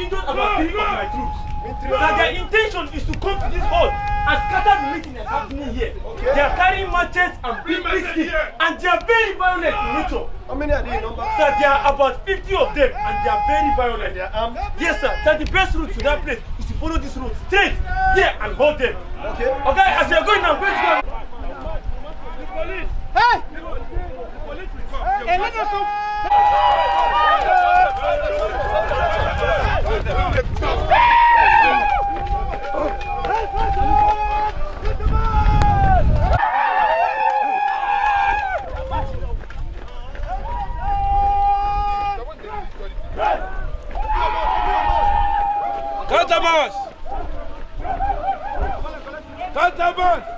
injured about three of my troops. That their intention is to come to this hall and scatter the meeting that's happening here. Okay. They are carrying matches and big biscuits and they are very violent in nature. How many are they in number? Sir, there are about 50 of them and they are very violent. They are armed? Yes, sir. Sir, the best route to that place is to follow this road straight here and hold them. Okay. Okay, as you are going now, where to go? The police! Hey! The police will come. Hey, let us go! Canta, Mons! Canta, Mons!